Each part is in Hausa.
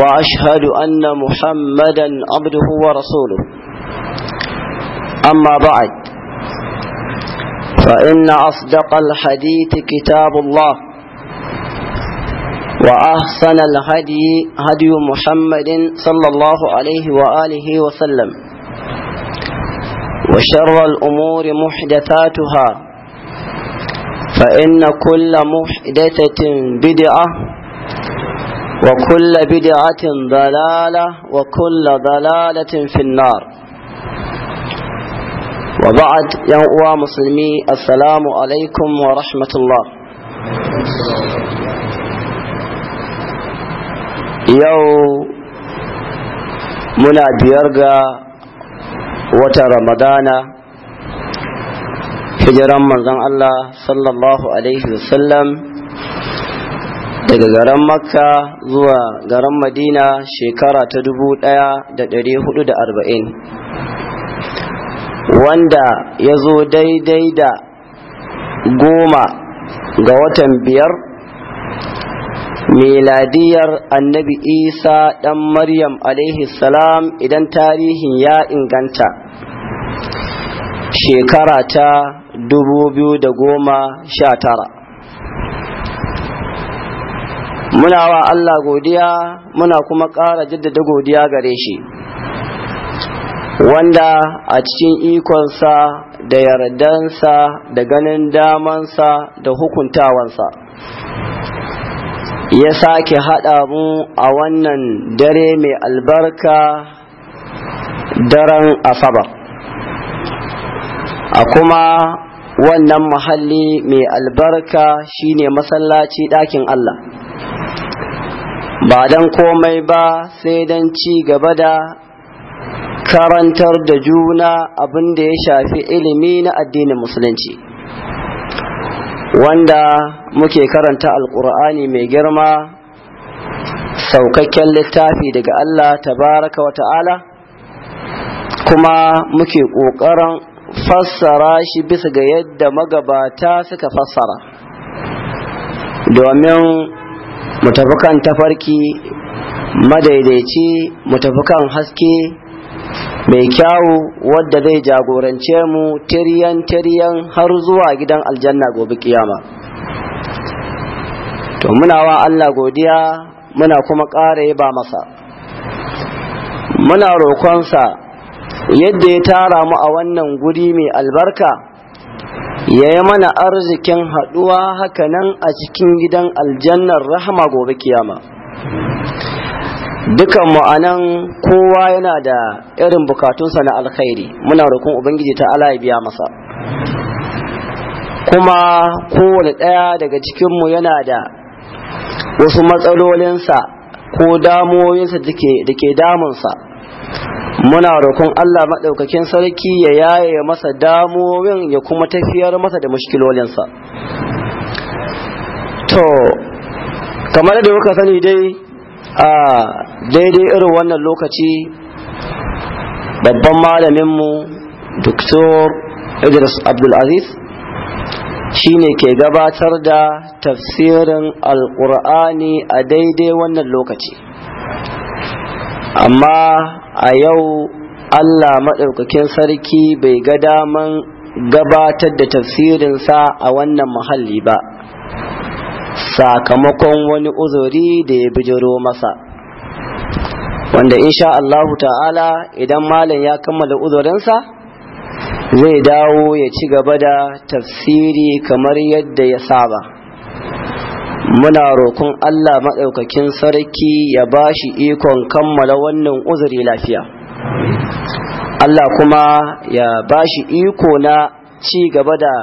وأشهد أن محمدا عبده ورسوله أما بعد فإن أصدق الحديث كتاب الله وأحسن الهدي هدي محمد صلى الله عليه وآله وسلم وشر الأمور محدثاتها فإن كل محدثة بدعة وكل بدعة ضلالة وكل ضلالة في النار وبعد يا مسلمي السلام عليكم ورحمة الله يو منا بيرقى وتا رمضان رمضان الله صلى الله عليه وسلم daga garin makka zuwa garin madina shekara ta dubu ɗaya da da arba'in, wanda ya zo daidai da goma ga watan biyar miladiyar annabi isa ɗan maryam salam idan tarihin ya inganta shekara ta dubu biyu da goma sha tara. muna wa Allah godiya muna kuma ƙara jaddada godiya gare shi wanda a cikin ikonsa da yardansa da ganin damansa da hukuntawansa ya sake haɗa mu a wannan dare mai albarka daren asabar. a kuma wannan mahalli mai albarka shine masallaci ɗakin Allah ba dan komai ba sai don ci gaba da karantar da juna abin da ya shafi ilimi na addinin musulunci wanda muke karanta alkur'ani mai girma saukakken littafi daga Allah tabaraka wa ta'ala kuma muke ƙoƙarin fassara shi bisa ga yadda magabata suka fassara domin mutafukan tafarki madaidaici mutafukan haske mai kyawu wadda zai jagorance mu tiryan-tiryan har zuwa gidan aljanna gobe kiyama to muna wa Allah godiya muna kuma ƙara ba masa muna roƙonsa yadda ya tara mu a wannan guri mai albarka ya yi mana arzikin haɗuwa haka hakanan a cikin gidan aljannar rahama gobe kiyama dukan ma'anan kowa yana da irin bukatunsa na alkhairi muna roƙon ubangiji ta ala ya biya masa kuma kowane ɗaya daga cikinmu yana da wasu matsalolinsa ko damuwoyinsa da ke damunsa muna roƙon Allah maɗaukakin sarki ya yaye masa damomin ya kuma tafiyar masa da mushkilolinsa to kamar da kuka sani dai a daidai irin wannan lokaci babban malaminmu doktor idris abdulaziz shine ke gabatar da tafsirin alƙur'ani a daidai wannan lokaci amma a yau Allah maɗaukakin sarki bai ga daman gabatar da tafsirinsa a wannan muhalli ba sakamakon wani uzuri da ya bijiro masa wanda insha Allahu ta'ala idan malam ya kammala uzurinsa zai dawo ya ci gaba da tafsiri kamar yadda ya saba muna roƙon Allah maɗaukakin sarki ya ba shi ikon kammala wannan uzuri lafiya Allah kuma ya ba shi iko na ci gaba da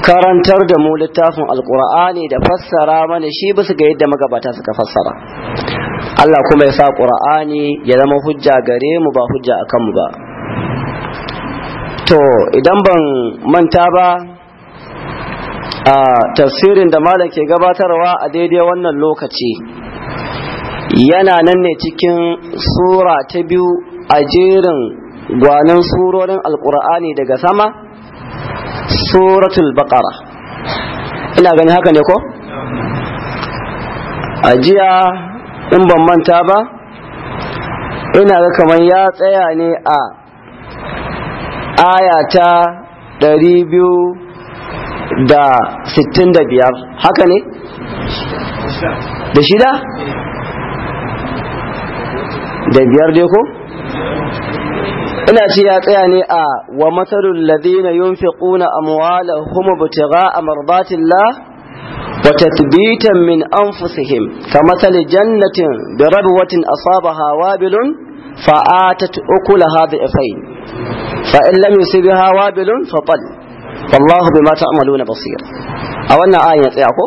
karantar da mu littafin alƙur'ani da fassara mana shi bisa ga yadda magabata suka fassara Allah kuma ya sa ƙur'ani ya zama hujja gare mu ba hujja a kanmu ba to idan ban manta ba a tafsirin da malam ke gabatarwa a daidai wannan lokaci yana nan ne cikin sura ta biyu a jerin gwanin surorin alkur'ani daga sama suratul baqara ina gani haka ne ko a jiya in ban manta ba ina ga kamar ya tsaya ne a aya ta biyu. da 65 haka ne? da shida? da biyar dai ina ce ya tsaya ne a wa matsalin ladina yun fi ƙuna amuwalar kuma butura a marbatinla wata tibitan min an fusihim ka matsalin jannatin da rabuwatin asaba hawa bilun fa'atat ukula hada ifai fa'in lamisi bi hawa bilun wallahu bima ta'maluna basir a wannan ayan ya tsaya ko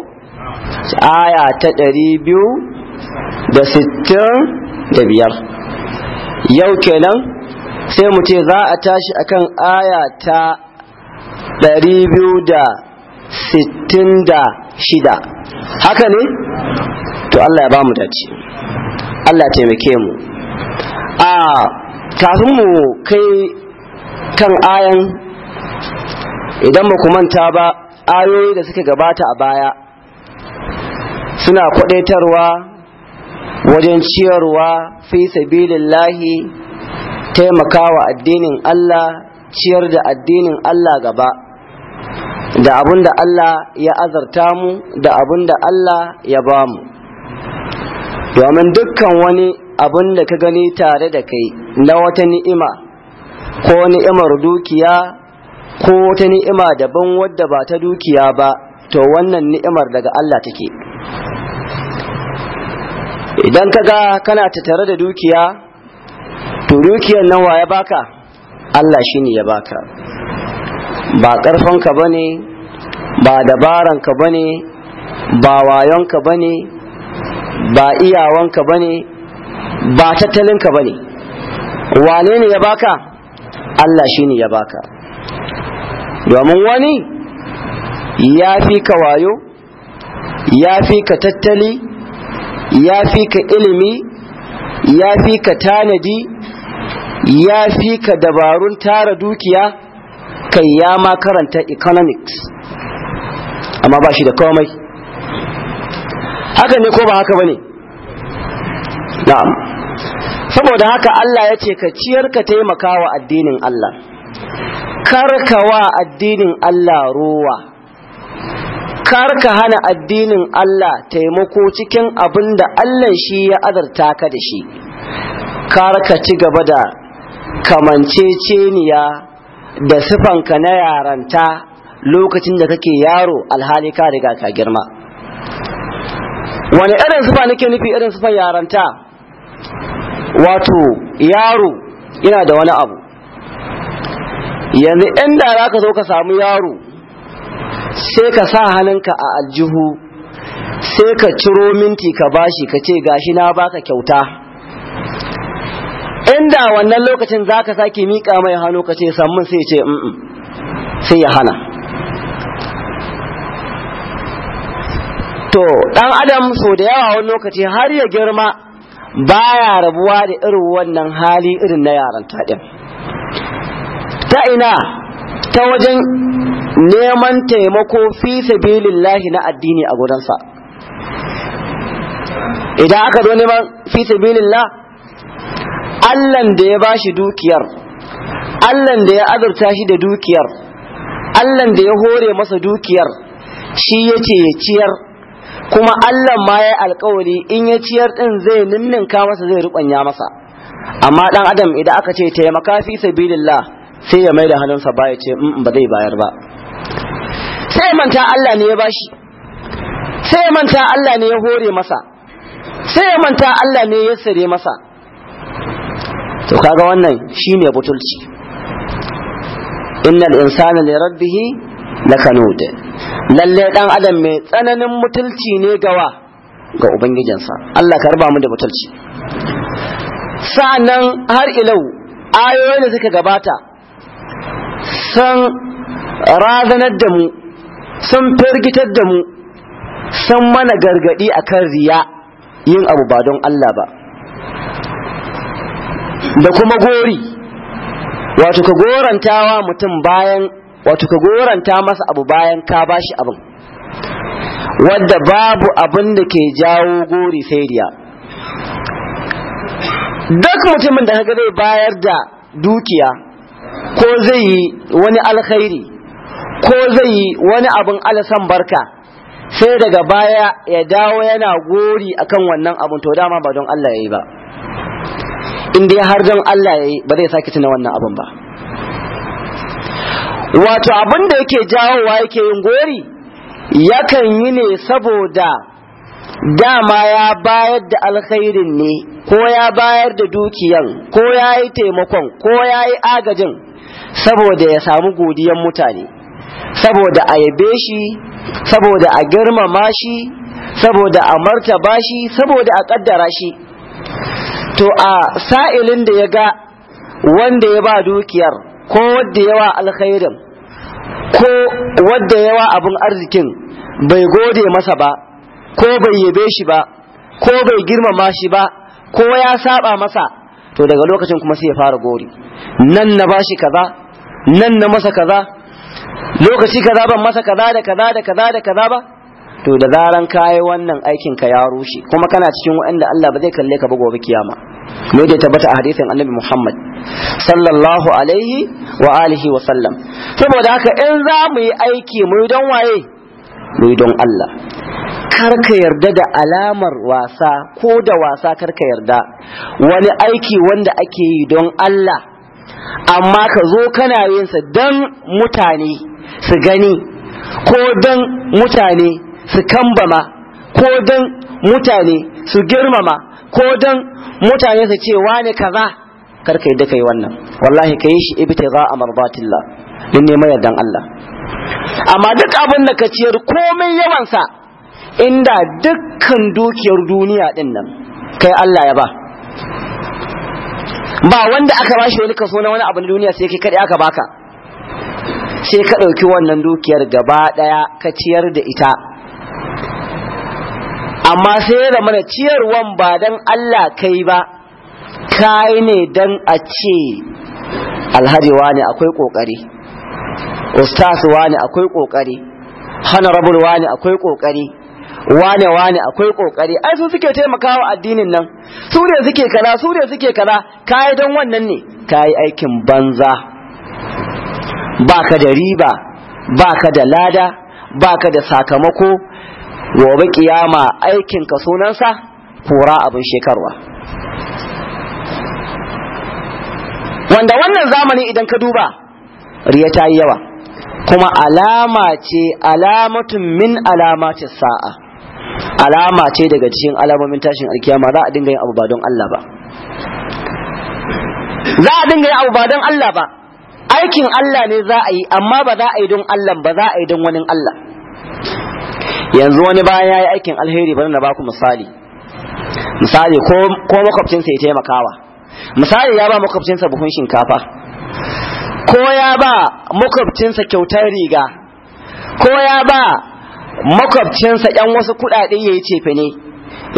aya ta 265 yau kenan sai mu ce za a tashi akan aya ta 266 haka ne to Allah ya ba mu dace Allah taimake mu a kafin mu kai kan ayan idan ba ku manta ba ayoyi da suka gabata a baya suna kwadaitarwa wajen ciyarwa fi sabilillahi taimakawa addinin Allah ciyar da addinin Allah gaba da abin da Allah ya azarta mu da abin da Allah ya ba mu domin dukkan wani abin da ka gani tare da kai na wata ni'ima ko ni'imar dukiya ko wata ni'ima daban wadda ba ta dukiya ba to wannan ni'imar daga Allah take idan ka ga kana tattare da dukiya to dukiyar nan ya baka Allah shi ne ya baka ba karfanka bane ba dabaranka bane ba wayonka bane ba iyawanka bane ba tattalinka bane wane ne ya baka Allah shi ne ya baka domin wani ya fi ka wayo ya fi ka tattali ya fi ka ilimi ya fi ka tanadi ya fi ka dabarun tara dukiya kai ya ma karanta economics amma ba shi da komai haka ne ko ba haka ba ne saboda haka Allah ya ce ka ciyar ka taimaka wa addinin Allah wa addinin Allah ruwa karka hana addinin Allah taimako cikin abinda Allah shi ya azarta ka da shi karka ci gaba da kamanceceniya da sifanka na yaranta lokacin da kake yaro alhali ka riga ka girma wani irin sifa nake nufi irin sifan yaranta wato yaro yana da wani abu yanzu inda za ka zo ka samu yaro sai ka sa hannunka a aljihu sai ka ciro minti ka bashi ka ce gashi na baka kyauta inda wannan lokacin za ka sake miƙa mai hannu ka ce sammun sai ce mm sai ya hana to ɗan adam so da yawa wani lokaci har ya girma baya rabuwa da irin wannan hali irin na yaran taɗin ta ina ta wajen neman taimako fi sabilillahi na addini a gudansa idan aka zo neman fi sabilillah allan da ya bashi dukiyar allan da ya azurta shi da dukiyar allan da ya hore masa dukiyar shi ya ce ya ciyar kuma allan ma ya yi alkawari in ya ciyar din zai ninninka masa zai rubanya masa amma dan adam idan aka ce taimaka fi sabilillah sai ya mai da hannunsa baya ce mm, mm, ba zai bayar ba sai manta Allah ne ya bashi sai manta Allah ne ya hore masa sai manta Allah ne ya sare masa to kaga wannan shine butulci innal insana li rabbihi lakanud lalle dan adam mai tsananin mutulci ne gawa ga ubangijinsa Allah ka mu da butulci sa'annan har ilau ayoyin da suka gabata Sun razanar da mu sun firgitar da mu sun mana gargadi akan riya yin abu ba don Allah ba da kuma gori wato ka gorantawa mutum bayan wato ka goranta masa abu bayan ka bashi abin wadda babu abin da ke jawo gori sai riya duk mutumin da kaga zai bayar da dukiya ko zai yi wani alkhairi ko zai yi wani abin alasan barka sai daga baya ya dawo yana gori akan wannan abin to dama ba don Allah ya yi ba in dai har don Allah ya yi ba zai sake tuna wannan abin ba wato abin da yake jawowa yake yin gori yakan yi ne saboda dama ya bayar da alkhairin ne ko ya bayar da dukiyan ko ya yi taimakon ko ya yi agajin saboda ya samu godiyan mutane saboda a yabe shi saboda a girmama shi saboda a martaba shi saboda a kaddara shi to a sa'ilin da ya ga wanda ya ba dukiyar ko wanda ya wa alkhairin ko wanda ya wa abin arzikin bai gode masa ba ko bai yabe shi ba ko bai girmama shi ba ko ya saba masa to daga lokacin kuma sai ya fara gori nan na bashi kaza nan na masa kaza lokaci kaza ban masa kaza da kaza da kaza da kaza ba to da zaran kayi wannan aikin ka ya rushe kuma kana cikin waɗanda Allah ba zai kalle ka ba gobe kiyama me da tabbata a hadisin Annabi Muhammad sallallahu alaihi wa alihi wa sallam saboda haka in za mu yi aiki mu don waye mu don Allah kar ka yarda da alamar wasa ko da wasa kar ka yarda wani aiki wanda ake yi don Allah amma ka zo kana yin sa dan mutane su gani ko dan mutane su kambama ko dan mutane su girmama ko dan mutane su ce wane kaza karka yadda kai wannan wallahi ka yi shi za a marbatilla din neman yardan Allah amma duk abin da ka ciyar komai yawansa inda dukkan dukiyar duniya din kai Allah ya ba ba wanda aka bashi wani kaso na wani abu na duniya sai kai kadai aka baka sai ka ɗauki wannan dukiyar gaba ɗaya ka ciyar da ita amma sai da mana ciyarwan ba don Allah kai ba kai ne don a ce alhaji ne akwai ƙoƙari ustaz ne akwai ƙoƙari honorable ne akwai ƙoƙari wane wane akwai kokari ai su suke taimakawa addinin nan su ne suke kaza su ne suke kaza kai don wannan ne kai aikin banza baka da riba baka da lada baka da sakamako gobe kiyama aikin ka sunansa fura abin shekarwa wanda wannan zamani idan ka duba riya ta yi yawa kuma alama ce alamatun min alamatis sa'a alama ce daga cikin alamomin tashin alkiyama za a dinga yin abu ba don Allah ba za a dinga yin abu ba don Allah ba aikin Allah ne za a yi amma ba za a yi don Allah ba za a yi don wani Allah yanzu wani bayan ya yi aikin alheri bari na baku misali misali ko makwabcinsa ya taimakawa misali ya ba makwabcinsa buhun shinkafa ko ya ba makwabcinsa kyautar riga ko ya ba makwabcinsa ɗan wasu kuɗaɗe ya yi cefe ne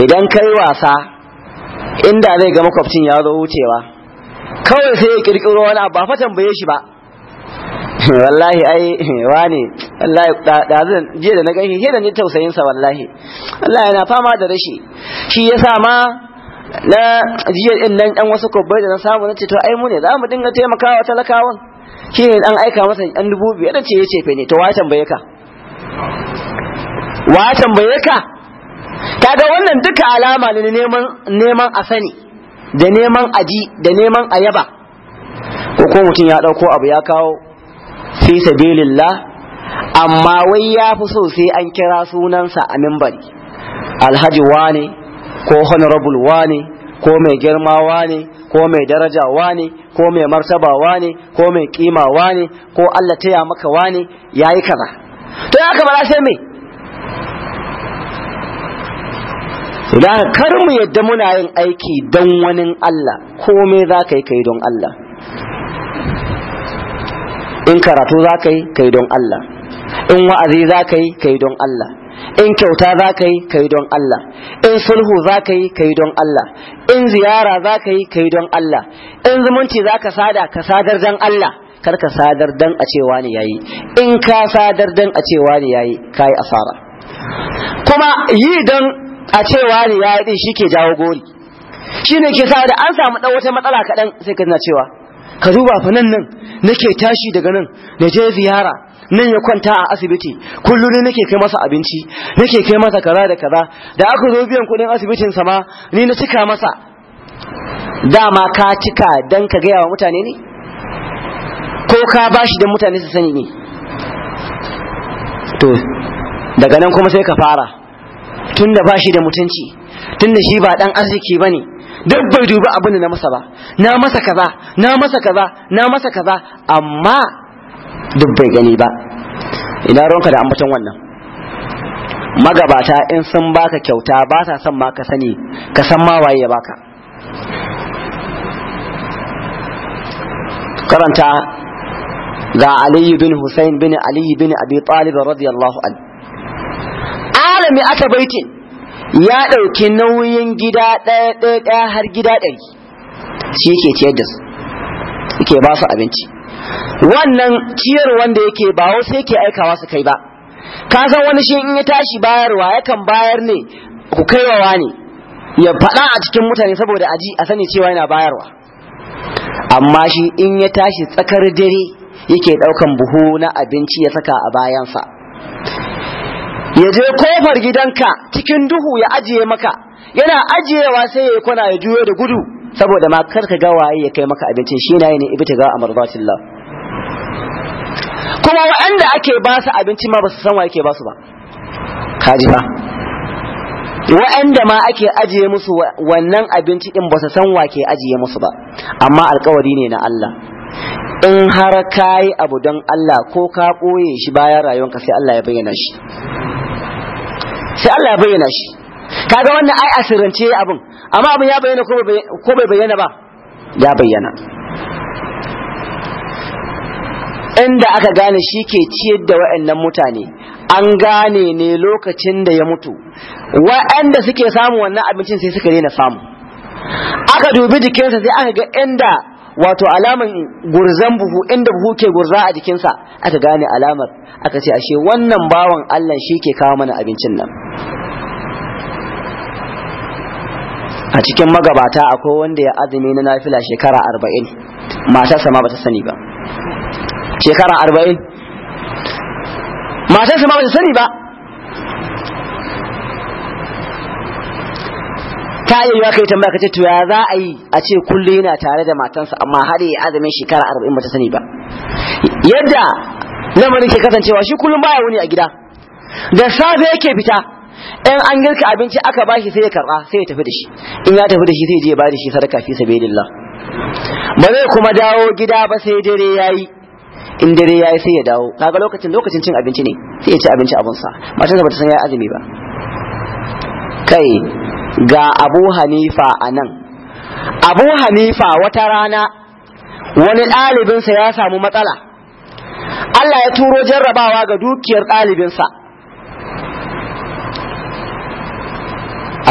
idan kai wasa inda zai ga makwabcin ya zo wucewa kawai sai ya ƙirƙiro wani abu ba fa tambaye shi ba wallahi ai wane wallahi da zan je da na gani he da ni tausayin sa wallahi Allah yana fama da rashi shi yasa ma na jiya din nan dan wasu kobbai da na samu ce, to ai mu ne mu dinga taimakawa talakawan shi ne dan aika masa dan dubu biyar da ce yace fe ne to wa tambaye ka wa tambaye ka kaga wannan duka alama ne neman neman a sani da neman aji da neman ayaba ko ko mutum ya dauko abu ya kawo fi sabilillah amma wai ya fi so sai an kira sunansa a mimbari alhaji wane ko honorable wane ko mai girma wani, ko mai daraja wani, ko mai martabawa ne ko mai kima ne ko Allah taya maka wane yayi kaza to ya kamar sai me da kar mu yadda muna yin aiki don wani Allah komai za ka yi kai don Allah in karatu za ka yi kai don Allah in wa'azi za ka yi kai don Allah in kyauta za ka yi kai don Allah in sulhu za ka yi kai don Allah in ziyara za ka yi kai don Allah in zumunci za ka sada ka sadar don Allah kar ka sadar dan a cewa ne yayi in ka sadar dan a cewa ne yayi yi asara kuma yi don. a cewa ne ya yi shi ke jawo gori shi ne ke sa da an samu ɗan wata matsala kaɗan sai ka na cewa ka duba fa nan nan nake tashi daga nan da je ziyara nan ya kwanta a asibiti kullum ne nake kai masa abinci nake kai masa kaza da kaza da aka zo biyan kuɗin asibitin sama ni na cika masa dama ka cika dan ka gaya wa mutane ne ko ka bashi dan mutane su sani ne to daga nan kuma sai ka fara tunda ba shi da mutunci tunda shi ba dan arziki bane duk bai dubi abin da na masa ba na masa kaza na masa kaza na masa kaza amma duk bai gani ba ina ronka da ambaton wannan magabata in sun baka kyauta ba sa son ma ka sani ka san ma waye ya baka karanta ga aliyu bin Husain bin aliyu bin abi talib radiyallahu anhu da mai baitin ya ɗauki nauyin gida ɗaya ɗaya har gida ɗari shi yake ciyar da su yake ba su abinci wannan ciyar wanda yake ba wasu yake aikawa su kai ba ka san wani shi in ya tashi bayarwa yakan bayar ne ku kaiwawa ne ya faɗa a cikin mutane saboda aji a sani cewa yana bayarwa amma shi in ya tashi tsakar dare yake ɗaukan buhu na abinci ya saka a bayansa ya je kofar gidanka cikin duhu ya ajiye maka yana ajiyewa sai ya kwana ya juyo da gudu saboda ma kar ka ga waye ya kai maka abinci shi na ne ibita ga amarzatillah kuma waɗanda ake ba su abinci ma ba su san wa ake ba su ba kaji ba waɗanda ma ake ajiye musu wannan abinci din ba su san wa ke ajiye musu ba amma alkawari ne na Allah in har ka yi abu don Allah ko ka ɓoye shi bayan rayuwanka sai Allah ya bayyana shi sai Allah ya bayyana shi kaga wannan ai asirance abin amma abin ya bayyana ko bai bayyana ba ya bayyana inda aka gane shi ke ciyar da wa'annan mutane an gane ne lokacin da ya mutu wa'anda suke samu wannan abincin sai suka daina samu aka dubi jikinsa sai aka ga inda wato alaman gurzan buhu inda buhu ke gurza a jikinsa aka gane alamar aka ce ashe wannan bawan Allah shi ke kawo mana abincin nan a cikin magabata akwai wanda ya azumi na nafila shekara arba'in matarsa ma ta sani ba shekara arba'in matarsa ma bata sani ba ta yi ya kai tambaya ka to ya za a yi a ce kullu yana tare da matansa amma har yi azumin shekara ba ta sani ba yadda lamarin ke kasancewa shi kullum baya wuni a gida da safe yake fita in an girka abinci aka bashi sai ya karba sai ya tafi da shi in ya tafi da shi sai je ba da shi sadaka fi sabilillah ba zai kuma dawo gida ba sai dare yayi in dare yayi sai ya dawo kaga lokacin lokacin cin abinci ne sai ya ci abinci abun sa ba ta san yayi azumi ba kai ga abu hanifa a nan abu hanifa wata rana wani ɗalibinsa ya samu matsala Allah ya turo jarrabawa ga dukiyar ɗalibinsa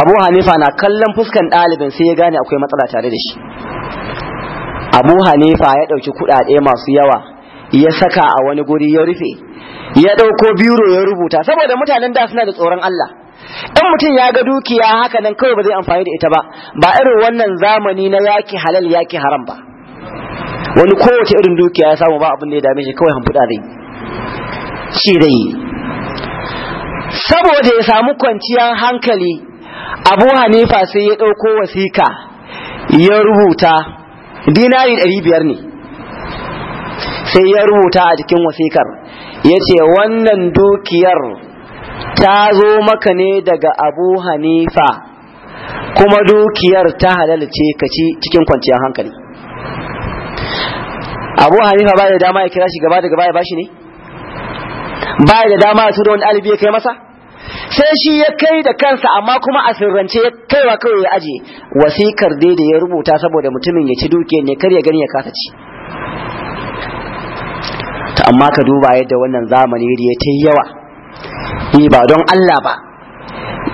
abu hanifa na kallon fuskan ɗalibin sai ya gane akwai matsala tare da shi abu hanifa ya ɗauki kuɗaɗe masu yawa ya saka a wani guri ya rufe ya ɗauko biro ya rubuta saboda mutanen da suna da tsoron Allah in mutum ya ga dukiya haka nan kawai ba zai amfani da ita ba ba irin wannan zamani na yaki halal yaki haram ba wani kowace irin dukiya ya samu ba abin da ya dame shi kawai hamfuda zai shi zai saboda ya samu kwanciyar hankali abu hanifa sai ya ɗauko wasika ya rubuta dinari ɗari biyar ne sai ya rubuta a cikin wasikar ya ce wannan dukiyar ta zo maka ne daga abu hanifa kuma dukiyar ta halalce ka ci cikin kwanciyar hankali abu hanifa ba da dama ya kira shi gaba daga baya ba shi ne ba da dama ya tura wani alibi ya kai masa sai shi ya kai da kansa amma kuma a sirrance ya kaiwa kawai ya aje wasikar dai da ya rubuta saboda mutumin ya ci dukiyar ne kar ya gani ya kasa ci amma ka duba yadda wannan zamani ya ta yawa yi eh, ba don Allah ba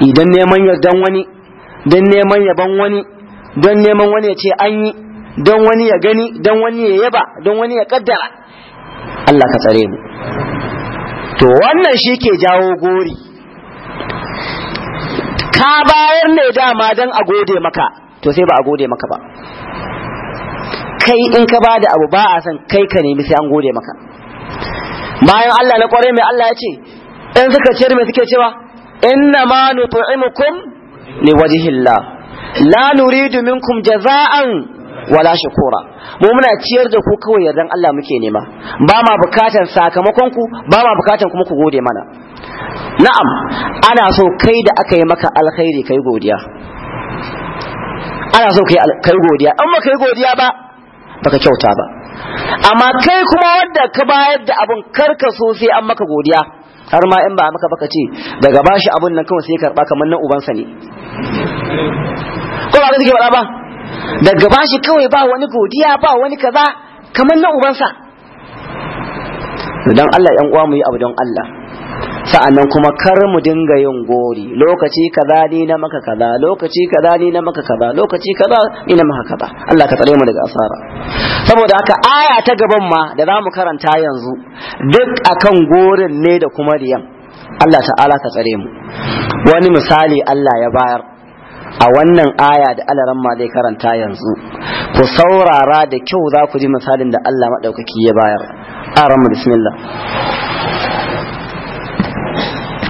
idan eh, neman yardan wani don neman yaban wani don neman wani ya ce an yi don wani ya gani don wani ya yaba don wani ya kaddara Allah ka tsare mu to wannan shi ke jawo gori ka bayar ne dama don a gode maka to sai ba a gode maka ba kai in ka bada abu ba a san kai ka nemi sai an gode maka bayan Allah na kware mai Allah ya ce in suka ciyar mai suke cewa inna ma nut'imukum li wajhillah la nuridu minkum jaza'an wala shukura mu muna ciyar da ku kawai yardan Allah muke nema ba ma bukatan sakamakon ku ba ma bukatan kuma ku gode mana na'am ana so kai da aka yi maka alkhairi kai godiya ana so kai kai godiya amma kai godiya ba baka kyauta ba amma kai kuma wanda ka bayar da abun karka so sai an maka godiya har ma in ba maka baka ce daga bashi abun nan kawai sai karba kamar nan ubansa ne ko ba kake faɗa ba daga bashi kawai ba wani godiya ba wani kaza kamar nan ubansa dan Allah yan uwa mu yi abu don Allah sa'annan kuma kar mu dinga yin gori lokaci kaza ni na maka kaza lokaci kaza ni na maka kaza lokaci kaza ni na maka kaza Allah ka tsare mu daga asara saboda haka aya ta gaban ma da zamu karanta yanzu duk akan gorin ne da kuma riyan Allah ta'ala ka tsare mu wani misali Allah ya bayar a wannan aya da alaran ma zai karanta yanzu ku saurara da kyau za ku ji misalin da Allah maɗaukaki ya bayar a bismillah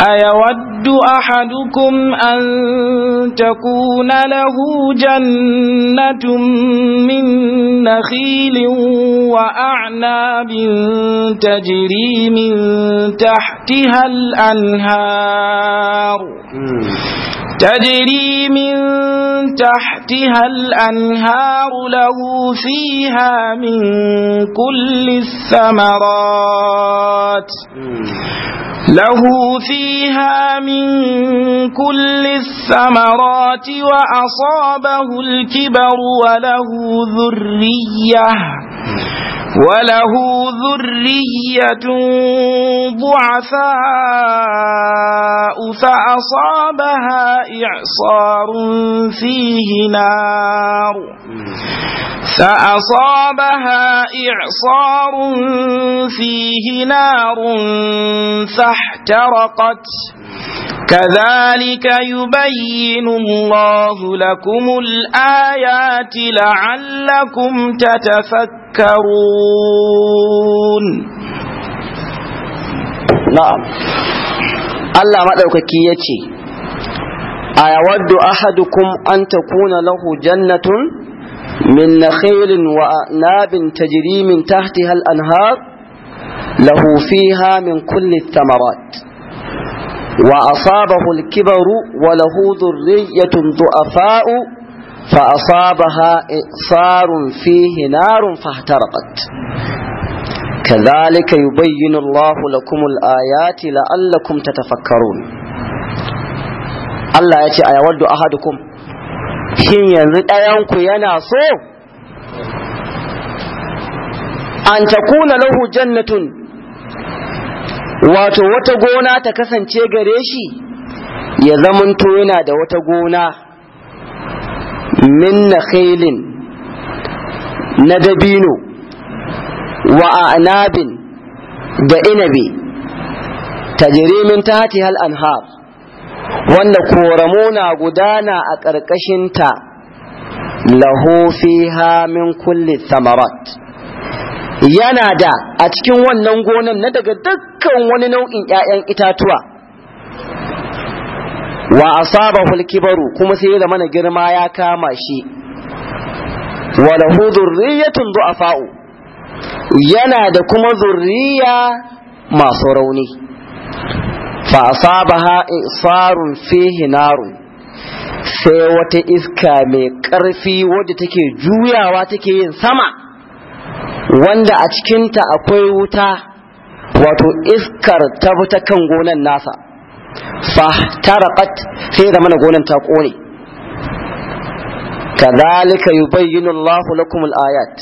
أيود أحدكم أن تكون له جنة من نخيل وأعناب تجري من تحتها الأنهار تجري من تحتها الأنهار له فيها من كل الثمرات له فيها من كل الثمرات وأصابه الكبر وله ذرية وله ذرية ضعفاء فأصابها إعصار فيه نار فأصابها إعصار فيه نار فاحترقت كذلك يبين الله لكم الآيات لعلكم تتفكرون نعم الله ما دوككي يتي أيود أحدكم أن تكون له جنة من نخيل وأعناب تجري من تحتها الأنهار له فيها من كل الثمرات وأصابه الكبر وله ذرية ضعفاء فأصابها إقصار فيه نار فاحترقت كذلك يبين الله لكم الآيات لعلكم تتفكرون الله يأتي أيود أحدكم حين da ahadukum shin yanzu ɗayanku yana so an wato wata gona ta kasance gare shi ya zamanto yana da wata gona min na na dabino wa anabin da inabi tajirimin ta hati hal anhar wanda koramo na gudana a ƙarƙashinta lahu fiha min kulli thamarat yana da a cikin wannan gonan na daga dukkan wani nau'in 'ya'yan itatuwa wa al kibaru kuma sai ya zama na girma ya kama shi wa lahu dhurriyyatun du'afa'u yana da kuma zurriya masu rauni fa asabaha isarun fihi narun sai wata iska mai ƙarfi wadda take juyawa take yin sama wanda a cikinta akwai wuta wato iskar ta ta kan gonan nasa fa taraqat sai zama na gonan ta kone kadhalika yubayyinu Allahu lakum al-ayat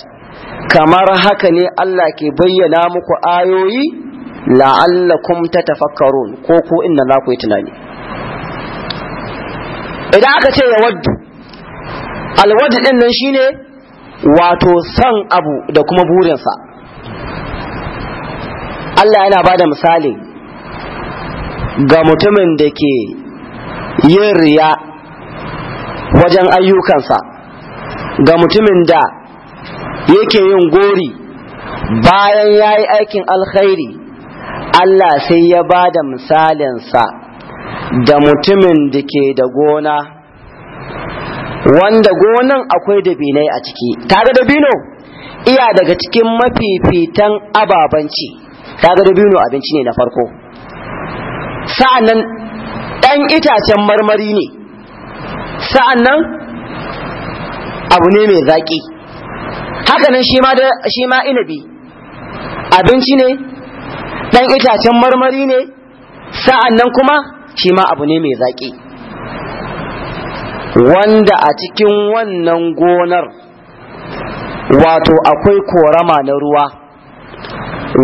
kamar haka ne Allah ke bayyana muku ayoyi la'allakum tatafakkarun ko ko inna za ku yi tunani idan aka ce ya waddu alwadu din nan shine wato san abu da kuma burinsa Allah yana ba da misali ga mutumin da ke yin riya wajen ayyukansa ga mutumin da yake yin gori bayan ya yi aikin alkhairi Allah sai ya ba da misalinsa da mutumin da ke da gona wanda gonan akwai dabinai a ciki kaga dabino iya daga cikin mafifitan ababanci kaga dabino abinci ne na farko sa'annan ɗan itacen marmari ne sa'annan abu ne mai zaƙi hakanan shi ma inabi abinci ne ɗan itacen marmari ne sa'annan kuma shi ma abu ne mai zaƙi wanda a cikin wannan gonar wato akwai korama na ruwa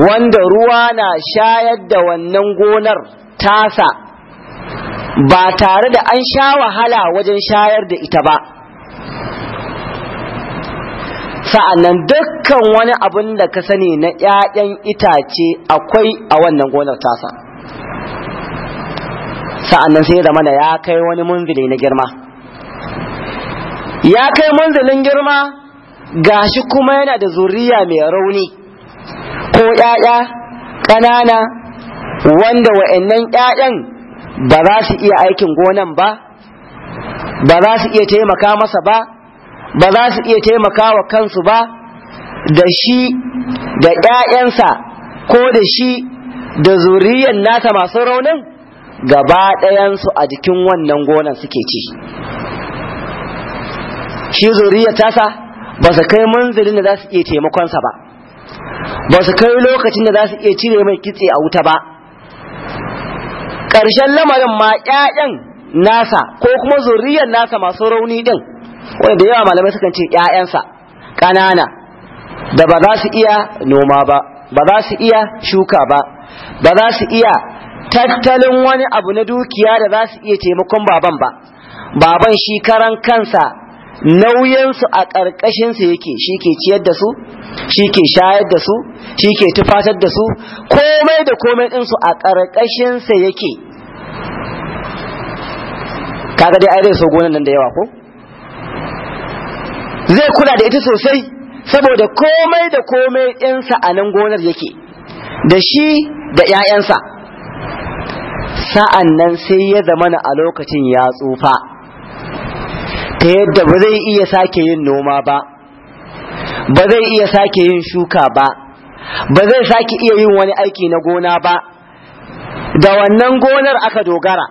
wanda ruwa na shayar da wannan gonar tasa ba tare da an sha wahala wajen shayar da ita ba sa'annan dukkan wani abin da ka sani na 'ya'yan itace akwai a wannan gonar tasa sa'annan sai da mana ya kai wani munzili na girma ya kai manzalin girma gashi kuma yana da zuriya mai rauni ko ƴaƴa ƙanana wanda wa'annan ƴaƴan ba za su iya aikin gonan ba ba za su iya taimaka masa ba ba za su iya taimaka wa kansu ba da shi da ƴaƴansa ko da shi da zuriyan nasa masu raunin gaba ɗayansu a jikin wannan gonan suke ci shi zuriyar tasa ba su kai manzilin da za su iya taimakonsa ba ba su kai lokacin da za su iya cire mai kitse a wuta ba ƙarshen lamarin ma ƴaƴan nasa ko kuma zuriyar nasa masu rauni din wanda yawa malamai sukan ce ƴaƴansa ƙanana da ba za su iya noma ba ba za su iya shuka ba ba za su iya tattalin wani abu na dukiya da za su iya taimakon baban ba baban shi karan kansa nauyinsu a ƙarƙashinsu yake shi ke ciyar da su shi ke shayar da su shi ke tufatar da su komai da komai ɗinsu a ƙarƙashinsa yake kaga dai aire so gonan nan da yawa ko zai kula da ita sosai saboda komai da komai ɗinsa a nan gonar yake da shi da ‘ya'yansa sa'an nan sai ya zamana a lokacin ya tsufa ta yadda ba zai iya sake yin noma ba ba zai iya sake yin shuka ba ba zai sake iya yin wani aiki na gona ba da wannan gonar aka dogara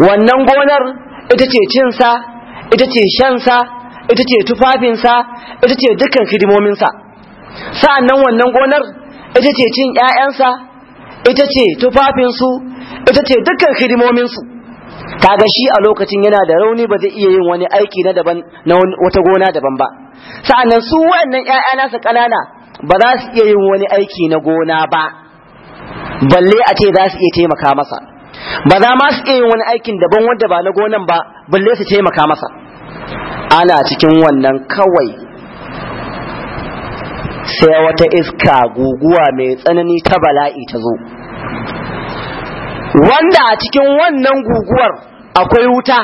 wannan gonar ita ce cinsa ita ce shansa ita ce tufafinsa ita ce dukkan hidimominsa Sa'an nan wannan gonar ita ce cin 'ya'yansa ita ce tufafinsu ita ce dukkan hidimominsu kaga shi a lokacin yana da rauni ba zai iya yin wani aiki na daban na wata gona daban ba sa'annan su wayannan ƴaƴa nasa ƙanana ba za su iya yin wani aiki na gona ba balle a ce za su iya taimaka masa ba za ma su iya yin wani aikin daban wanda ba na gonan ba balle su taimaka masa ana cikin wannan kawai sai wata iska guguwa mai tsanani ta bala'i ta zo wanda a cikin wannan guguwar akwai wuta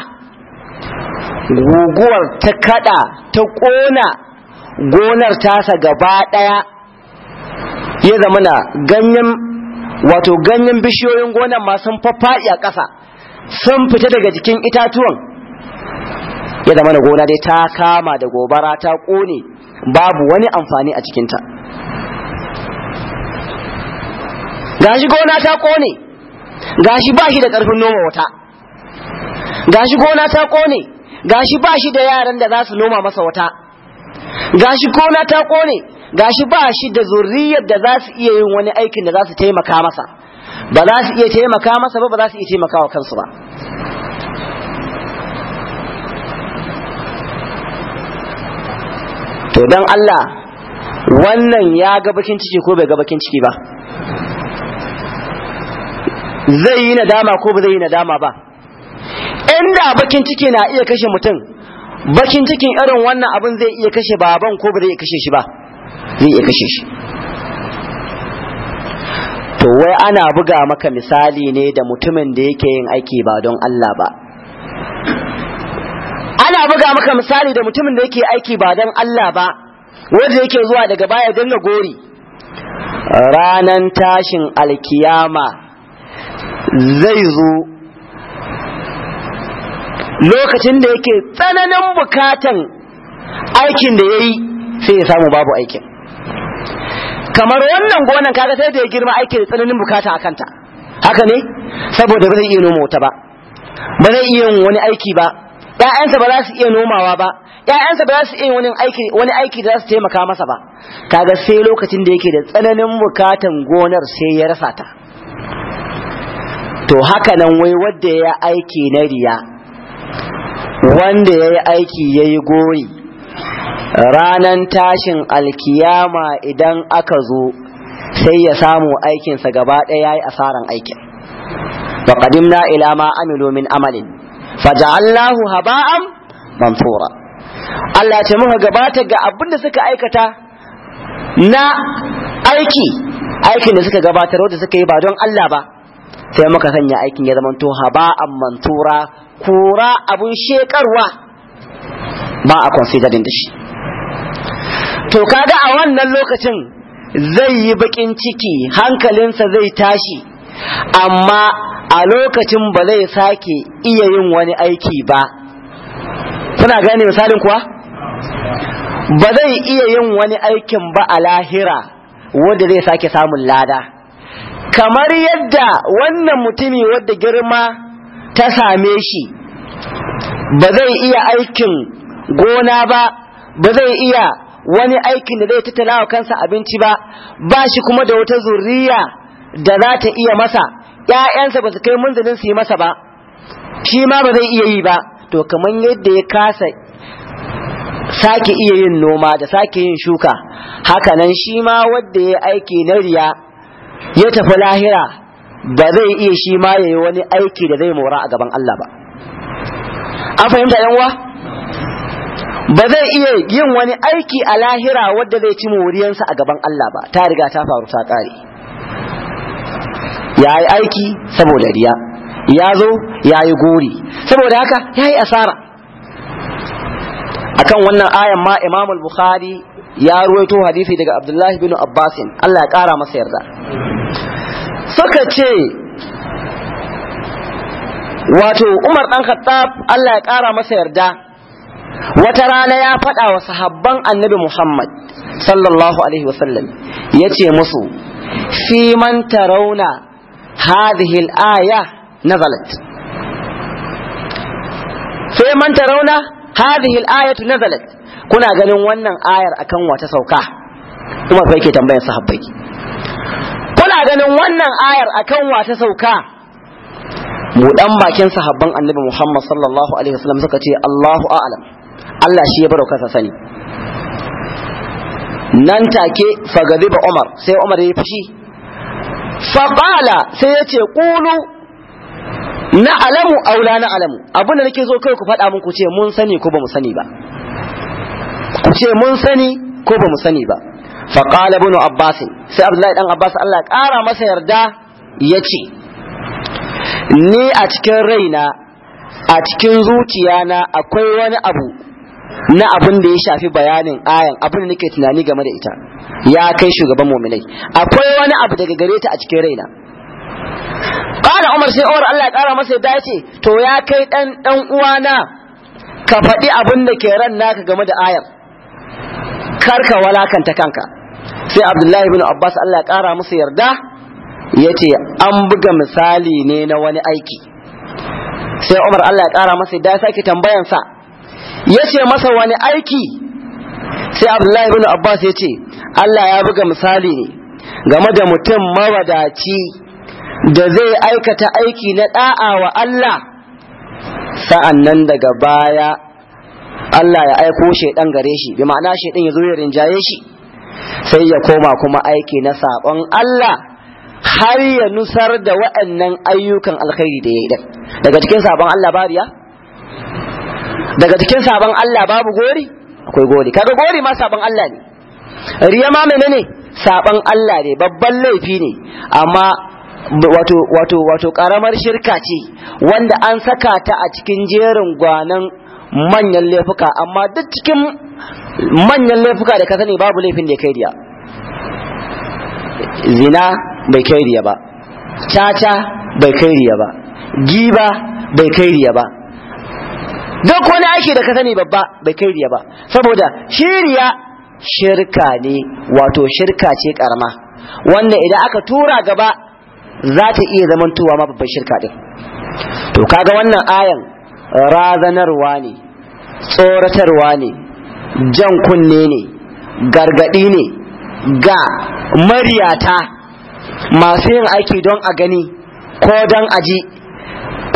guguwar ta kada ta kona gonar tasa gaba daya ya zama na ganyen wato ganyen bishiyoyin gonar ma sun faffaɗi a ƙasa sun fita daga jikin itatuwan ya zama na gona dai ta kama da gobara ta ƙone babu wani amfani a cikinta gashi gona ta ƙone gashi ba shi da ƙarfin noma wata gashi gona ta kone gashi ba shi da yaran da za su noma masa wata gashi gona ta kone gashi ba shi da zurriyar da za su iya yin wani aikin da za su taimaka masa ba za su iya taimaka masa ba ba za su iya taimaka wa kansu ba to dan Allah wannan ya ga bakin ciki ko bai ga bakin ciki ba zai yi nadama ko ba zai yi nadama ba inda bakin ciki na iya kashe mutum bakin cikin irin wannan abin zai iya kashe baban ko ba zai iya kashe shi ba zai iya kashe shi to wai ana buga maka misali ne da mutumin da yake yin aiki ba don Allah ba ana buga maka misali da mutumin da yake aiki ba don Allah ba wanda yake zuwa daga baya don gori ranan tashin alkiyama zai zo lokacin da yake tsananin bukatan aikin da ya yi sai ya samu babu aikin kamar wannan gonan kaga sai da ya girma da tsananin bukata a kanta haka ne saboda ba zai iya noma wuta ba ba zai iya wani aiki ba ‘ya'yansa ba za su iya nomawa ba ‘ya'yansa ba za su iya wani aiki wani aiki da za su taimaka masa ba kaga sai lokacin da yake da tsananin bukatan gonar sai ya rasa ta to haka nan wai wanda ya aiki na riya wanda ya yi aiki ya yi gori ranan tashin alkiyama idan aka zo sai ya samu aikinsa gaba ɗaya ya yi asaran aikin wa qadimna ila ma amilu min amalin Allahu haba'an mansura Allah ce muka gabata ga abin da suka aikata na aiki aikin da suka gabatar wanda suka yi ba don Allah ba sai muka sanya aikin ya zama to haba'an mansura kura abun shekarwa ba a considering da shi to kaga a wannan lokacin zai yi bakin ciki hankalinsa zai tashi amma a lokacin ba zai sake iya yin wani aiki ba kuna gane misalin kuwa ba zai iya yin wani aikin ba a lahira wanda zai sake samun lada kamar yadda wannan mutumi wadda girma ta same shi ba zai iya aikin gona ba ba zai iya wani aikin da zai tattala wa kansa abinci ba ba shi kuma da wata zuriya da za ta iya masa ‘ya'yansa ba su kai munzalin su yi masa ba shi ma ba zai iya yi ba to kamar yadda ya kasa sake iya yin noma da sake yin shuka hakanan shi ma wadda ya aiki na riya ya tafi lahira ba zai iya shi ma ya yi wani aiki da zai mora a gaban Allah ba an fahimta yan uwa? ba zai iya yin wani aiki a lahira wadda zai ci moriyansa a gaban Allah ba ta riga ta faru ta kare ya yi aiki saboda riya ya zo ya yi gori saboda haka ya yi asara A kan wannan ayan ma imam al-bukhari ya ruwaito hadisi daga abdullahi bin abbasin Allah ya ƙara masa yarda suka ce wato umar ɗan khattab Allah ya ƙara masa yarda wata rana ya faɗa wa sahabban annabi muhammad sallallahu alaihi wasallam ya ce musu fi man tarauna hadhihi al-aya nazalat fi man tarauna hadhihi al-ayatu nazalat kuna ganin wannan ayar akan wata sauka Umar bai ke tambayar sahabbai ganin wannan ayar akan wa ta sauka buɗan bakin sahabban annabi Muhammad sallallahu alaihi wasallam suka ce Allahu a'lam Allah shi ya barauka sani nan take fagadi ba Umar sai Umar ya fushi Faɓala sai ya ce qulu na alamu aw la na alamu abin nake zo kai ku faɗa mun ku mun sani ko ba ku ce mun sani ko ba mu sani ba فقال ابن abbas sai abdullahi dan abbas Allah ƙara masa yarda ya ce ni a cikin raina a cikin na akwai wani abu na abin da ya shafi bayanin ayan abin da nake tunani game da ita ya kai shugaban muminai akwai wani abu daga gare ta a cikin raina ƙara umar sai umar Allah ya kara masa yarda ya ce to ya kai dan uwana ka faɗi abin da ke ran naka game da kar karka walakanta kanka sai abdullahi bin abbas allah ya kara musu yarda ya ce an buga misali ne na wani aiki sai umar allah ya kara masa yarda ya sake tambayansa ya ce masa wani aiki sai abdullahi bin abbas ya ce allah ya buga misali ne game da mutum mawadaci da zai aikata aiki na da'a wa allah sa'an nan daga baya Allah ya aiko shaidan gare shi bi ma'ana shaidan ya zo ya rinjaye shi sai ya koma kuma aiki na saɓon Allah har ya nusar da waɗannan ayyukan alkhairi da ya yi daga cikin saɓon Allah ya? daga cikin saɓon Allah babu gori akwai gori kaga gori ma saɓon Allah ne riya ma menene saɓon Allah ne babban laifi ne amma wato wato wato karamar shirka ce wanda an saka ta a cikin jerin gwanan manyan laifuka amma duk cikin manyan laifuka da ka sani babu laifin da ya kai riya zina bai kai riya ba caca bai kai riya ba giba bai kai riya ba duk wani aiki da ka sani babba bai kai riya ba saboda shiriya shirka ne wato shirka ce karama wanda idan aka tura gaba za ta iya zamantowa ma babban shirka din to kaga wannan ayan razanarwa ne tsoratarwa ne jan kunne ne gargadi ne ga maryata masu yin aiki don a gani ko don aji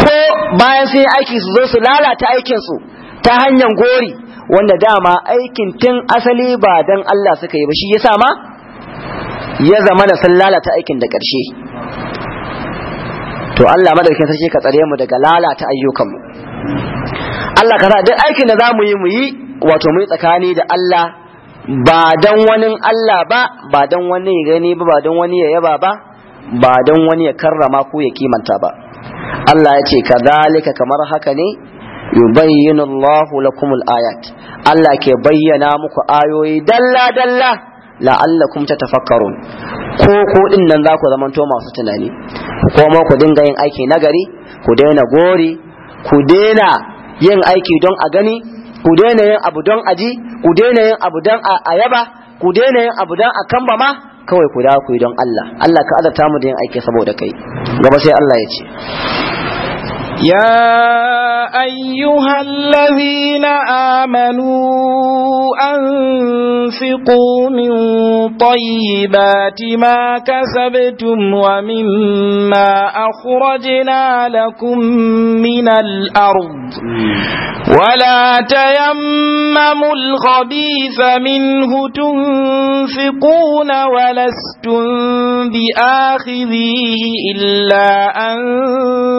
ko bayan sun yi aiki su zo su lalata aikinsu ta hanyar gori wanda dama aikin tun asali ba don Allah suka yi ba shi yasa ma ya zama da sun lalata aikin da ƙarshe to Allah madaukakin sarki ka tsare mu daga lalata ayyukanmu Allah ka sa duk aikin da za mu yi mu yi wato mu tsakani da Allah ba dan wani Allah ba ba dan wani ya gani ba ba dan wani ya yaba ba ba dan wani ya karrama ko ya kimanta ba Allah ya ce kazalika kamar haka ne yubayyinu Allah lakumul ayat Allah ke bayyana muku ayoyi dalla dalla la'allakum tatafakkarun ko ko din nan za ku zamanto masu tunani ko ma ku dinga yin aiki nagari ku daina gori ku daina yin aiki don a gani ku daina yin abu don aji ku daina yin abu don a yaba ku daina yin abu don a kamba ma kawai ku dawo ku yi don Allah Allah ka azarta mu da yin aiki saboda kai gaba sai Allah ya ce ya أيها الذين آمنوا أنفقوا من طيبات ما كسبتم ومما أخرجنا لكم من الأرض ولا تيمموا الخبيث منه تنفقون ولستم بآخذيه إلا أن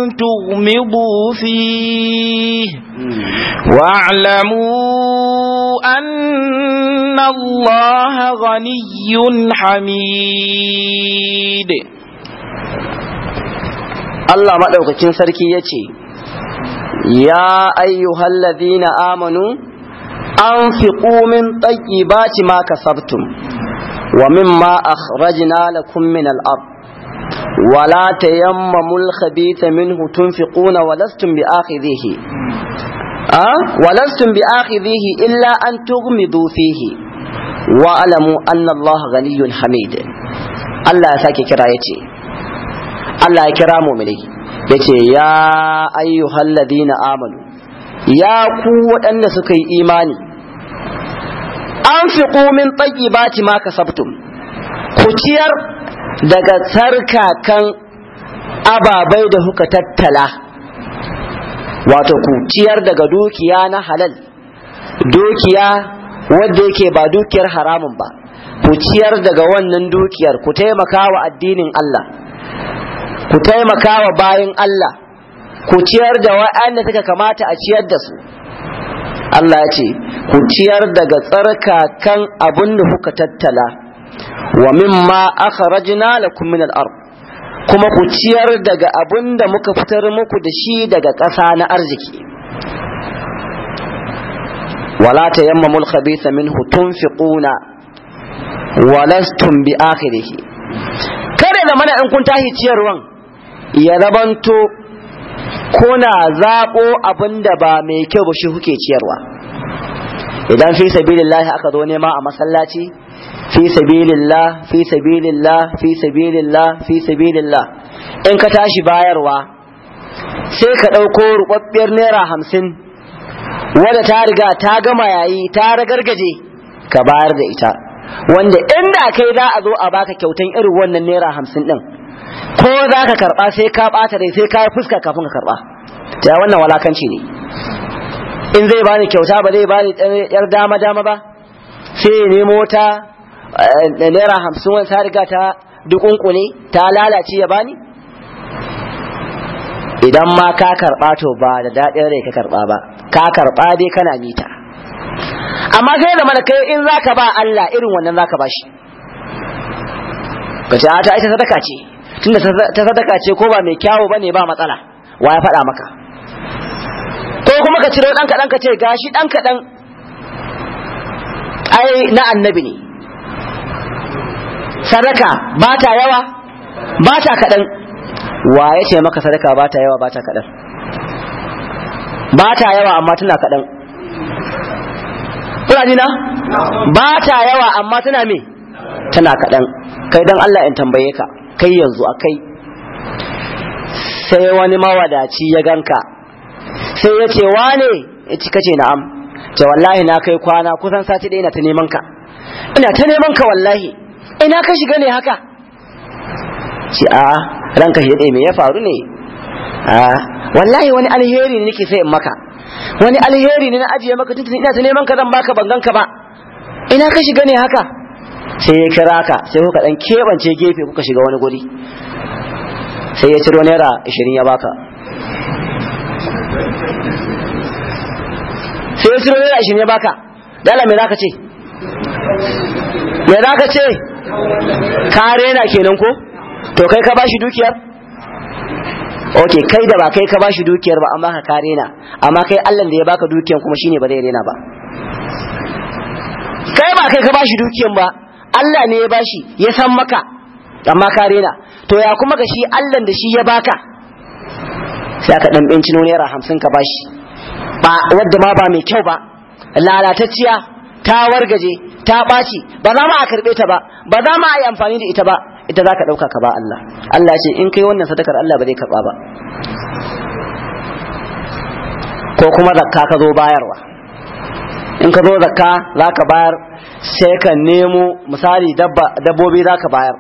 تغمضوا فيه واعلموا أن الله غني حميد الله مدعوك تنسركي يتي يا أيها الذين آمنوا أنفقوا من طيبات ما كسبتم ومما أخرجنا لكم من الأرض wala tayammamul khabitha minhu tunfiquna walastum bi'akhidhihi a walastum bi'akhidhihi illa an tughmidu fihi wa alamu anna Allah Allah ya sake kira yace Allah ya kira mu'mini yace ya ayyuhalladhina amanu ya ku waɗanda suka yi imani an fi min tsaki ma kasabtum ku ciyar daga tsarkakan ababai da kuka tattala wato ku ciyar daga dukiya na halal dukiya wadda yake ba dukiyar haramun ba ku ciyar daga wannan dukiyar ku taimaka wa addinin Allah ku taimaka wa bayin Allah ku ciyar da wa'anda suka kamata a ciyar da su Allah ya ce ku ciyar daga tsarkakan abin da kuka tattala wa mimma akhrajna lakum min al-ard kuma ku ciyar daga abin da muka fitar muku da shi daga ƙasa na arziki wala tayammamu khabitha minhu tunfiquna wa lastum bi akhirih kare da mana in kun tahi ciyarwan ya zabanto kuna zabo abin da ba mai kyau ba shi kuke ciyarwa idan fi sabilillahi aka zo nema a masallaci fi sabilillah fi sabilillah fi sabilillah fi sabilillah in ka tashi bayarwa sai ka ɗauko rubabbiyar naira hamsin wadda ta riga ta gama yayi ta ragargaje ka bayar da ita wanda inda kai za a zo a baka kyautan irin wannan naira hamsin din, ko za ka karɓa sai ka ɓata rai sai ka yi fuska kafin ka karɓa ta wannan walakanci ne in zai bani kyauta ba zai bani yar dama dama ba sai nemo ta Eh, naira hamsin wani ta riga ta dukunkune ta lalace ya bani idan ma ka karɓa to ba da daɗin rai ka karɓa ba ka karɓa dai kana mita amma sai da malakai in za ka ba Allah irin wannan za ka ba shi ka ce ta ita sadaka ce tunda ta sadaka ce ko ba mai kyawo ba ne ba matsala wa ya faɗa maka ko kuma ka ciro ɗan kaɗan ka ce gashi ɗan kaɗan ai na annabi ne sadaka ba ta yawa ba ta kaɗan wa ya ce maka sadaka ba ta yawa ba ta kaɗan ba ta yawa amma tana kaɗan fulani na ba ta yawa amma tana me tana kaɗan kai don Allah in tambaye ka kai yanzu a kai sai wani mawadaci ya ganka sai ya ce wane ya ci kace na'am ce wallahi na kai kwana kusan sati ɗaya na ta neman ka ina ta neman ka wallahi ina ka shiga ne haka ce a ranka shi me ya faru ne a wallahi wani alheri ne nake sayin maka wani alheri ne na ajiye maka tuntun ina ta neman ka zan baka ban ganka ba ina ka shiga ne haka sai ya kira ka sai kuka dan kebance gefe kuka shiga wani guri sai ya ciro naira 20 ya baka sai ya ciro naira 20 ya baka dala me zaka ce me zaka ce kare na kenan ko to kai ka bashi dukiyar ok kai da ba kai ka bashi dukiyar ba amma ka kare na amma kai Allah da ya baka dukiyar kuma shine ba zai rena ba kai ba kai ka bashi dukiyar ba Allah ne ya bashi ya san maka amma ka rena to ya kuma ga shi Allah da shi ya baka sai ka dan binci naira hamsin ka bashi ba wadda ma ba mai kyau ba lalatacciya ta wargaje ta ɓaci ba za ma a karɓe ta ba ba za ma a yi amfani da ita ba ita za ka ɗauka ka ba Allah Allah ce in kai wannan sadakar Allah ba zai karɓa ba ko kuma zakka ka zo bayarwa in ka zo zakka za ka bayar sai ka nemo misali dabbobi za ka bayar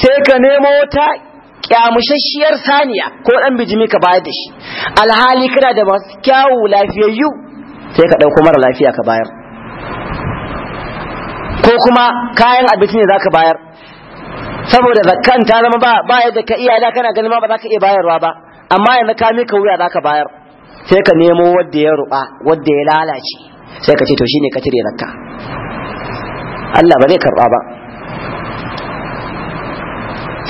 sai ka nemo ta kyamushashiyar saniya ko ɗan bijimi ka bayar da shi alhali kana da masu kyawu lafiyayyu sai ka ɗauko mara lafiya ka bayar ko kuma kayan abinci ne za ka bayar saboda zakkan ta zama ba ba yadda ka iya da kana ganin ma ba za ka iya bayarwa ba amma yanzu ka mika wuya za ka bayar sai ka nemo wanda ya ruba wanda ya lalace sai ka ce to shine ka cire zakka Allah ba zai karba ba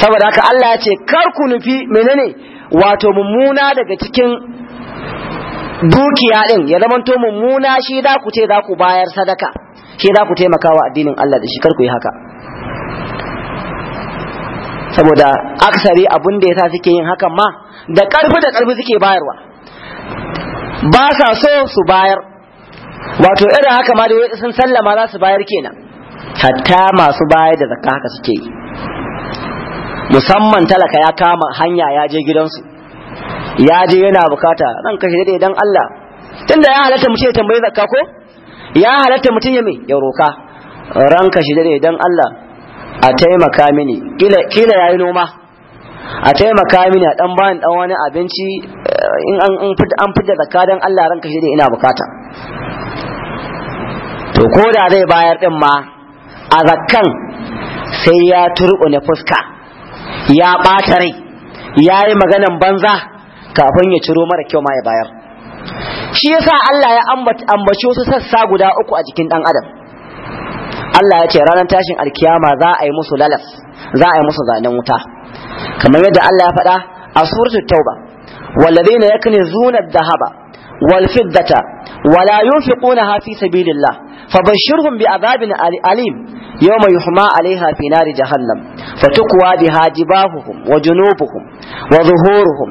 saboda haka Allah ya ce kar ku nufi menene wato mummuna daga cikin dukiya din ya zamanto mummuna shi da ku ce za ku bayar sadaka ke za ku taimaka wa addinin Allah da shi kar ku yi haka saboda aksari abin da yasa suke yin hakan ma da karfi da karfi suke bayarwa ba sa so su bayar wato irin haka ma da sun sallama za su bayar kenan hatta masu bayar da zakka haka suke yi musamman talaka ya kama hanya ya je gidansu ya je yana bukata ran kashe dai dan Allah tunda ya halatta mu ce tambayi zakka ko ya halatta mutum ya mai ya roka ranka shi dare dan Allah a taimaka mini kila kila yayi noma a taimaka mini a dan bani dan wani abinci eh, in an an fita zakka dan Allah ranka shi dare ina bukata to ko da zai bayar din ma a zakkan sai ya turɓune fuska ya ɓata rai ya yi maganan banza kafin ya ciro mara kyau ma ya bayar shi yasa Allah ya ambaci wasu sassa guda uku a jikin dan adam Allah ya ce ranar tashin alkiyama za a yi musu lalas za a yi musu zanen wuta kamar yadda Allah ya faɗa a suratul tauba walladhina yaknizuna adh-dhahaba wal fiddata wala yunfiqunaha fi sabilillah fabashshirhum bi'adabin alim يوم يحمى عليها في نار جهنم فتكوى بها جباههم وجنوبهم وظهورهم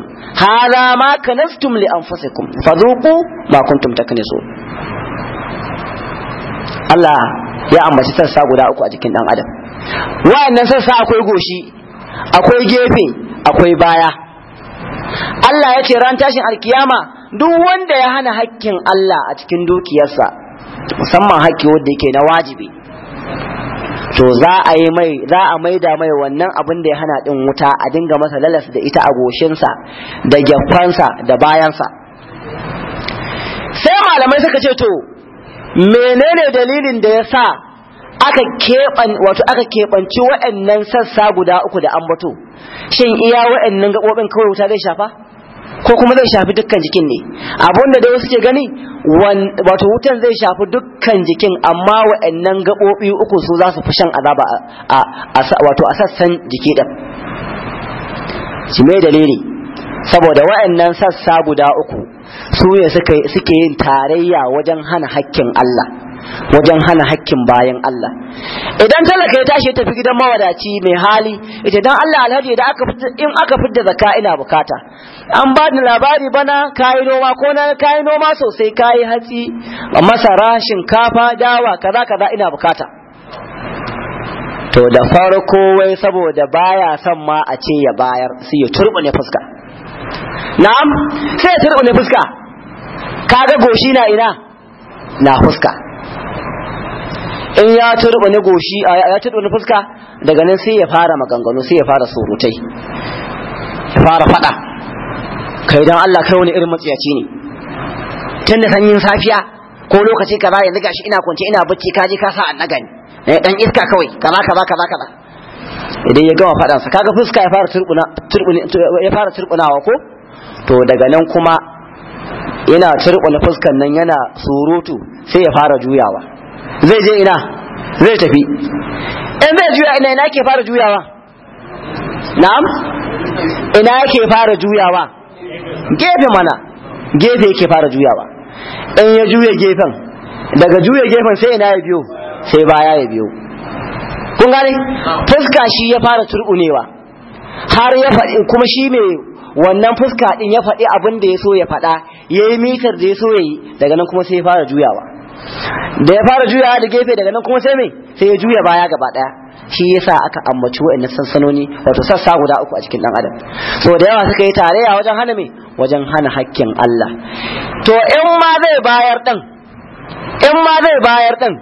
هذا ما كنزتم لأنفسكم فذوقوا ما كنتم تكنزون Allah ya ambaci sassa guda uku a jikin ɗan adam wa'annan sassa akwai goshi akwai gefe akwai baya Allah ya ce ran tashin alkiyama duk wanda ya hana hakkin Allah a cikin dukiyarsa musamman hakki wanda yake na wajibi to za a yi mai za a maida mai wannan abin da ya hana din wuta a dinga masa lalas da ita a goshinsa da gyakwansa da bayansa sai malamai suka ce to menene dalilin da ya sa aka keɓan wato aka keɓanci waɗannan sassa guda uku da ambato shin iya waɗannan gaɓoɓin kawai wuta zai shafa ko kuma zai shafi dukkan jikin ne abunda da dai suke gani wato wutan zai shafi dukkan jikin amma wa'annan gaɓoɓi uku su za su fi shan azaba a wato a sassan jiki ɗin shi mai dalili saboda wa'annan sassa guda uku su ne suke yin tarayya wajen hana hakkin Allah wajen hana hakkin bayan Allah idan talaka ya tashi ya tafi gidan mawadaci mai hali ita dan Allah alhaji da aka in aka zaka zakka ina bukata an ba ni labari bana kai noma ko na kai noma sosai kayi hatsi masara shinkafa dawa kaza kaza ina bukata to da farko wai saboda baya son ma a ce ya bayar sai ya ne fuska na'am sai ya ne fuska kaga goshi na ina na fuska in ya turba ne goshi ya turba ne fuska daga nan sai ya fara maganganu sai ya fara surutai ya fara fada kai dan Allah kai wani irin matsiyaci ne tun da sanyin safiya ko lokaci kaza yanzu gashi ina kwance ina bacci ka ka sa annaga ne eh, dan iska kawai kaza kaza kaza kaza idan ya gama fadan sa kaga fuska ya fara turbuna turbuni ya fara turbunawa ko to daga nan kuma yana turbuna fuskan nan yana surutu sai ya fara juyawa zai je ina zai tafi in zai juya ina ina ke fara juyawa na'am ina ke fara juyawa gefe mana gefe yake fara juyawa in ya juya gefen daga juya gefen sai ina ya biyo sai baya ya biyo kun gane fuska shi ya fara turbunewa har ya faɗi kuma shi mai wannan fuska ɗin ya faɗi abin da ya so ya faɗa ya yi mitar da ya so ya yi daga nan kuma sai ya fara juyawa da ya fara juya da gefe daga nan kuma sai me sai ya juya baya gaba daya shi yasa aka ambaci wa'annan sansanoni wato sassa guda uku a cikin dan adam so da yawa suka yi tarayya wajen hana me wajen hana hakkin Allah to in ma zai bayar din in ma zai bayar din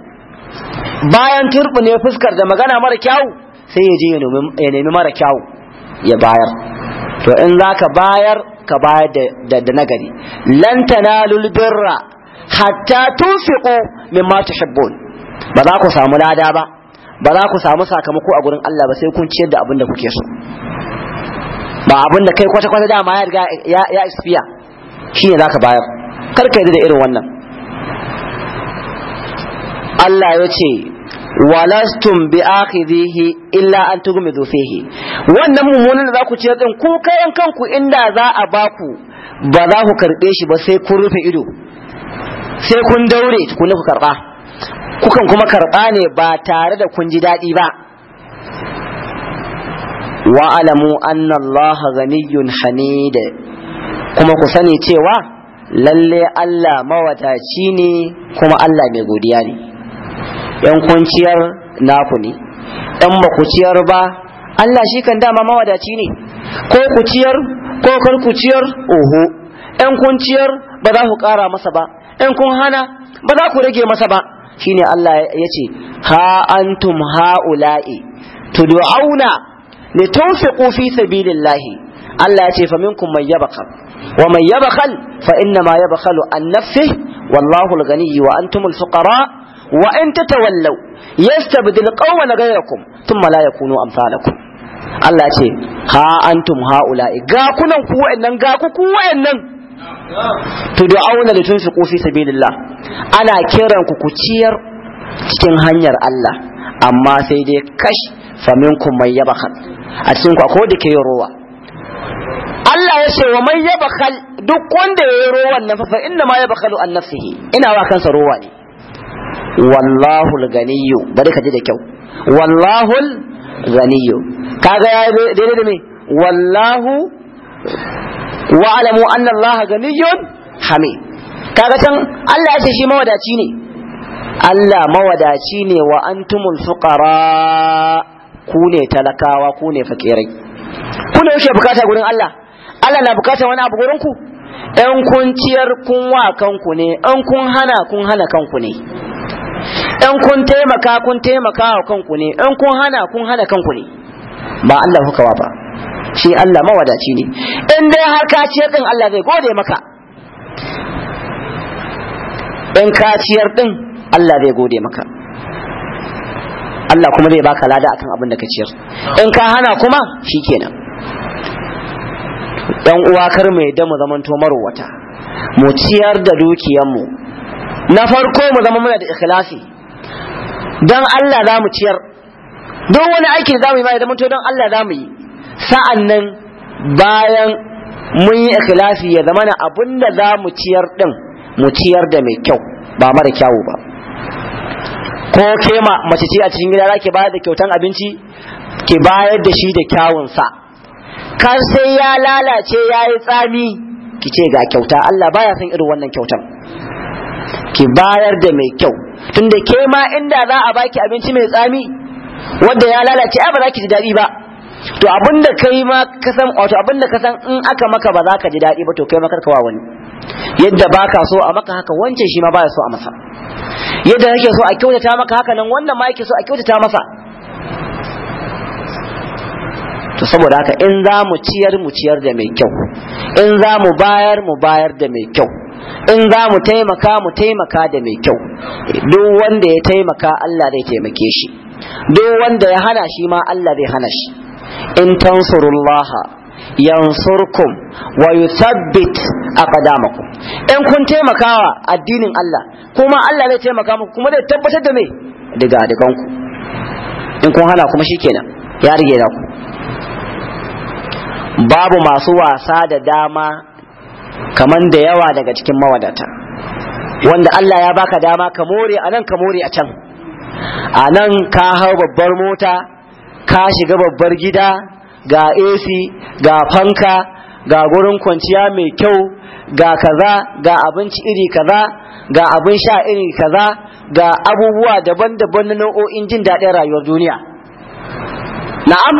bayan ne fuskar da magana mara kyau sai ya je ya nemi mara kyau ya bayar to in zaka bayar ka bayar da nagari lan tanalul birra hatta tunfiqu mimma tuhibbun ba za ku samu lada ba ba za ku samu sakamako a gurin Allah ba sai kun ciyar da abin da kuke so ba abin da kai kwata kwata dama ya riga ya ya isfiya shine zaka bayar kar ka yi da irin wannan Allah ya ce walastum bi akhidhihi illa an tugmidu fihi wannan mummunan da za ku ciyar din ku kai kanku inda za a baku ba za ku karbe shi ba sai kun rufe ido sai kun daure ne ku karba kukan kuma karba ne ba tare da kun ji daɗi ba wa alamu anna Allah ghaniyyun hamid kuma ku sani cewa lalle Allah mawadaci ne kuma Allah mai godiya ne yan kunciyar naku ne dan ba ku ciyar ba Allah shi kan dama mawadaci ne ko ku ciyar ko kar ku ciyar oho ɗan kunciyar ba za ku ƙara masa ba in kun hana ba za ku rage masa ba shine Allah ya ce ha antum haula'i tud'auna litunfiqu fi sabilillahi Allah ya ce fa minkum man yabkhal wa man yabkhal fa inna ma an nafsihi wallahu al-ghani wa fuqara wa in tatawallaw yastabdil qawman ghayrakum thumma la yakunu amsalakum Allah ce ha antum haula'i ga kunan ku wa'annan ga ku ku wa'annan To auna da litunfiqu fi sabilillah ana kiran ku kuciyar ciyar cikin hanyar Allah amma sai dai kash ku man yabkhal a cikin ku akwai da ke ruwa. Allah ya ce wa yaba yabkhal duk wanda ya yi ruwan nan fa inna ma yabkhalu an nafsihi ina wa kansa rowa ne wallahu al bari ka ji da kyau wallahu al kaga ya daidai da me wallahu wa alamu anna Allah ganiyun hamid kaga can Allah ya ce shi mawadaci ne Allah mawadaci ne wa antumul fuqara ku ne talakawa ku ne fakirai ku ne yake bukata gurin Allah Allah na bukata wani abu gurin ku ɗan kun ciyar kun wa kanku ne in kun hana kun hana kanku ne ɗan kun taimaka kun taimaka wa kanku ne in kun hana kun hana kanku ne ba Allah hukawa ba shi Allah mawadaci ne in dai har ka ciyar din Allah zai gode maka in ka ciyar din Allah zai gode maka Allah kuma zai baka lada akan abin da ka ciyar in ka hana kuma shikenan dan uwa kar mu yadda mu zamanto marwata mu ciyar da dukiyanmu na farko mu zama muna da ikhlasi dan Allah za mu ciyar don wani aiki da za mu yi ma ya zamanto don Allah za mu yi sa'an nan bayan mun yi ikhlasi ya zama na abin da za mu ciyar ɗin mu ciyar da mai kyau ba mara kyawu ba ko ke mace ce a cikin gida za ki bayar da kyautan abinci ki bayar da shi da kyawunsa kar sai ya lalace ya yi tsami ki ce ga kyauta Allah baya son irin wannan kyautan ki bayar da mai kyau tunda ke ma inda za a baki abinci mai tsami wanda ya lalace ai ba za ki ji daɗi ba to abinda kai ma ka san wato abinda ka san in aka maka ba za ka ji daɗi ba to kai ma kawa wani yadda baka so a maka haka wancan shi ma ya so a masa yadda yake so a kyautata maka haka nan wannan ma yake so a kyautata masa to saboda haka in za mu ciyar mu ciyar da mai kyau in za mu bayar mu bayar da mai kyau in za mu taimaka mu taimaka da mai kyau duk wanda ya taimaka Allah zai taimake shi duk wanda ya hana shi ma Allah zai hana shi in tansurullaha yansurkum wa yuthabbit aqdamakum in kun taimakawa addinin Allah kuma Allah zai taimaka muku kuma zai tabbatar da me daga ku. in kun hana kuma shikenan ya rige ku babu masu wasa da dama kaman da yawa daga cikin mawadata wanda Allah ya baka dama ka more a nan ka more a can a nan ka hau babbar mota ka shiga babbar gida ga AC ga fanka ga gurin kwanciya mai kyau ga kaza ga abinci iri kaza ga abin sha iri kaza ga abubuwa daban-daban na nau'o'in jin daɗin rayuwar duniya na'am